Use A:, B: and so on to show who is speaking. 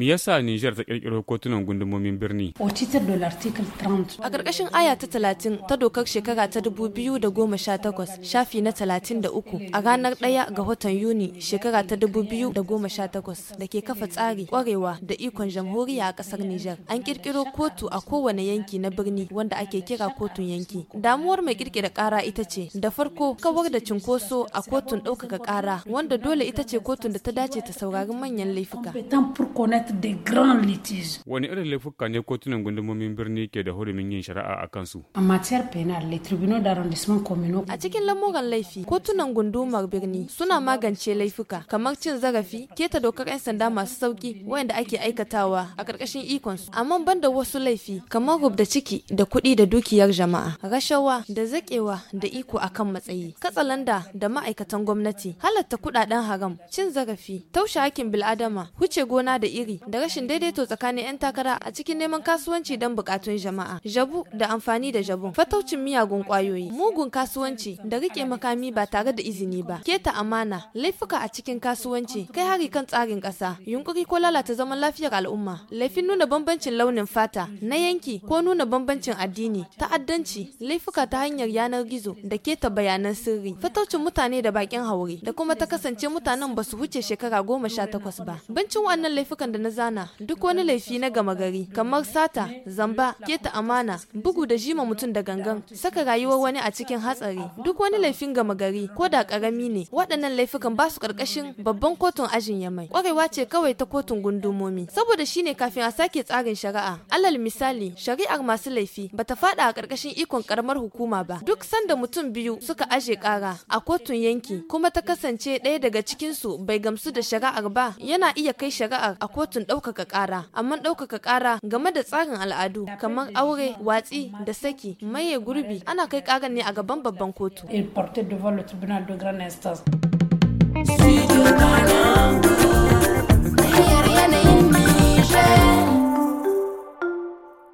A: Me yasa Nijar ta kirkiro kotunan gundumomin birni?
B: A ƙarƙashin aya ta talatin ta dokar shekara ta dubu biyu da goma sha takwas shafi na talatin da uku a ranar ɗaya ga watan Yuni shekara ta dubu da goma sha takwas da ke kafa tsari kwarewa da ikon jamhuriya a ƙasar Nijar. An ƙirƙiro kotu a kowane yanki na birni wanda ake kira kotun yanki. Damuwar mai ƙirƙira ƙara ita ce da farko kawar da cinkoso a kotun ɗaukaka ƙara wanda dole ita ce kotun da ta dace ta saurari manyan laifuka. commettre des grands
A: litiges. Wani irin laifuka ne kotunan gundumomin birni ke da hurumin yin shari'a a kansu?
B: A matiyar penal, les tribunaux d'arrondissement communaux. A cikin lamuran laifi, kotunan gundumar birni suna magance laifuka kamar cin zarafi, keta dokar 'yan sanda masu sauki wayanda ake aikatawa a ƙarƙashin ikonsu. Amma da wasu laifi kamar rubda ciki da kuɗi da dukiyar jama'a, rashawa da zaƙewa da iko akan matsayi, katsalanda da ma'aikatan gwamnati, Halarta kuɗaɗen haram, cin zarafi, taushe hakkin bil'adama, huce gona da iri, da rashin daidaito tsakanin 'yan takara a cikin neman kasuwanci don bukatun jama'a jabu da amfani da jabu fataucin miyagun kwayoyi mugun kasuwanci da rike makami ba tare da izini ba keta amana laifuka a cikin kasuwanci kai hari kan tsarin ƙasa yunkuri ko lalata zaman lafiyar al'umma laifin nuna bambancin launin fata na yanki ko nuna bambancin addini ta'addanci laifuka ta hanyar yanar gizo da keta bayanan sirri fataucin mutane da bakin haure da kuma ta kasance mutanen ba su wuce shekara goma sha takwas ba bancin wannan laifukan da na zana duk wani laifi na gama gari kamar sata zamba keta amana bugu da jima mutum da gangan saka rayuwar wani a cikin hatsari duk wani laifin gama gari ko da karami ne waɗannan laifukan ba su karkashin babban kotun ajin yamai kwarewa ce kawai ta kotun gundumomi saboda shine kafin a sake tsarin shari'a alal misali shari'ar masu laifi bata fada a karkashin ikon karamar hukuma ba duk sanda mutum biyu suka aje kara a kotun yanki kuma ta kasance ɗaya daga cikinsu bai gamsu da shari'ar ba yana iya kai shari'ar a kotun kotun ɗaukaka ƙara amma ɗaukaka ƙara game da tsarin al'adu kamar aure watsi da saki maye gurbi ana kai ƙaran ne a gaban babban kotu. instance.